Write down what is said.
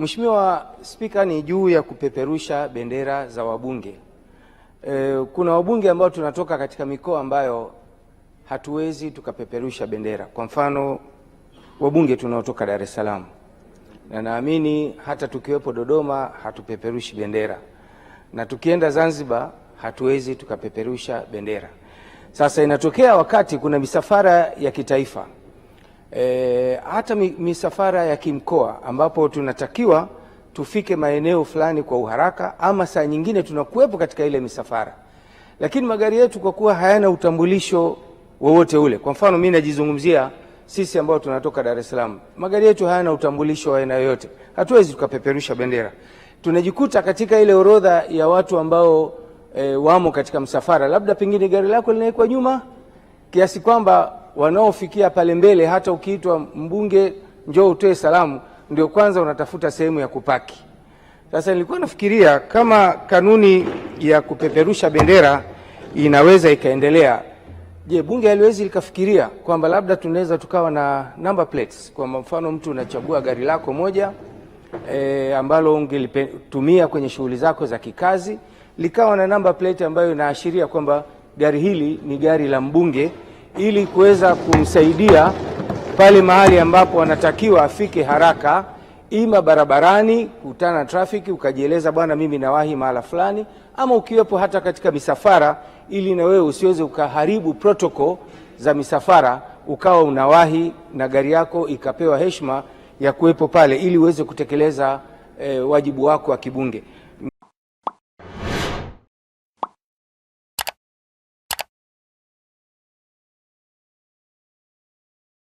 Mheshimiwa Spika, ni juu ya kupeperusha bendera za wabunge. E, kuna wabunge ambao tunatoka katika mikoa ambayo hatuwezi tukapeperusha bendera. Kwa mfano, wabunge tunaotoka Dar es Salaam, na naamini hata tukiwepo Dodoma hatupeperushi bendera, na tukienda Zanzibar hatuwezi tukapeperusha bendera. Sasa inatokea wakati kuna misafara ya kitaifa e, hata misafara ya kimkoa ambapo tunatakiwa tufike maeneo fulani kwa uharaka, ama saa nyingine tunakuwepo katika ile misafara, lakini magari yetu kwa kuwa hayana utambulisho wowote ule. Kwa mfano mimi najizungumzia sisi ambao tunatoka Dar es Salaam, magari yetu hayana utambulisho wa aina yoyote, hatuwezi tukapeperusha bendera. Tunajikuta katika ile orodha ya watu ambao e, wamo katika msafara, labda pengine gari lako linawekwa nyuma kiasi kwamba wanaofikia pale mbele, hata ukiitwa mbunge njoo utoe salamu, ndio kwanza unatafuta sehemu ya kupaki. Sasa nilikuwa nafikiria kama kanuni ya kupeperusha bendera inaweza ikaendelea, je, bunge haliwezi likafikiria kwamba labda tunaweza tukawa na number plates? Kwa mfano mtu unachagua gari lako moja e, ambalo ungelitumia kwenye shughuli zako za kikazi likawa na number plate ambayo inaashiria kwamba gari hili ni gari la mbunge ili kuweza kumsaidia pale mahali ambapo anatakiwa afike haraka, ima barabarani, kutana na trafiki ukajieleza, bwana, mimi nawahi mahala fulani, ama ukiwepo hata katika misafara, ili na wewe usiweze ukaharibu protokol za misafara, ukawa unawahi na gari yako ikapewa heshima ya kuwepo pale, ili uweze kutekeleza e, wajibu wako wa kibunge.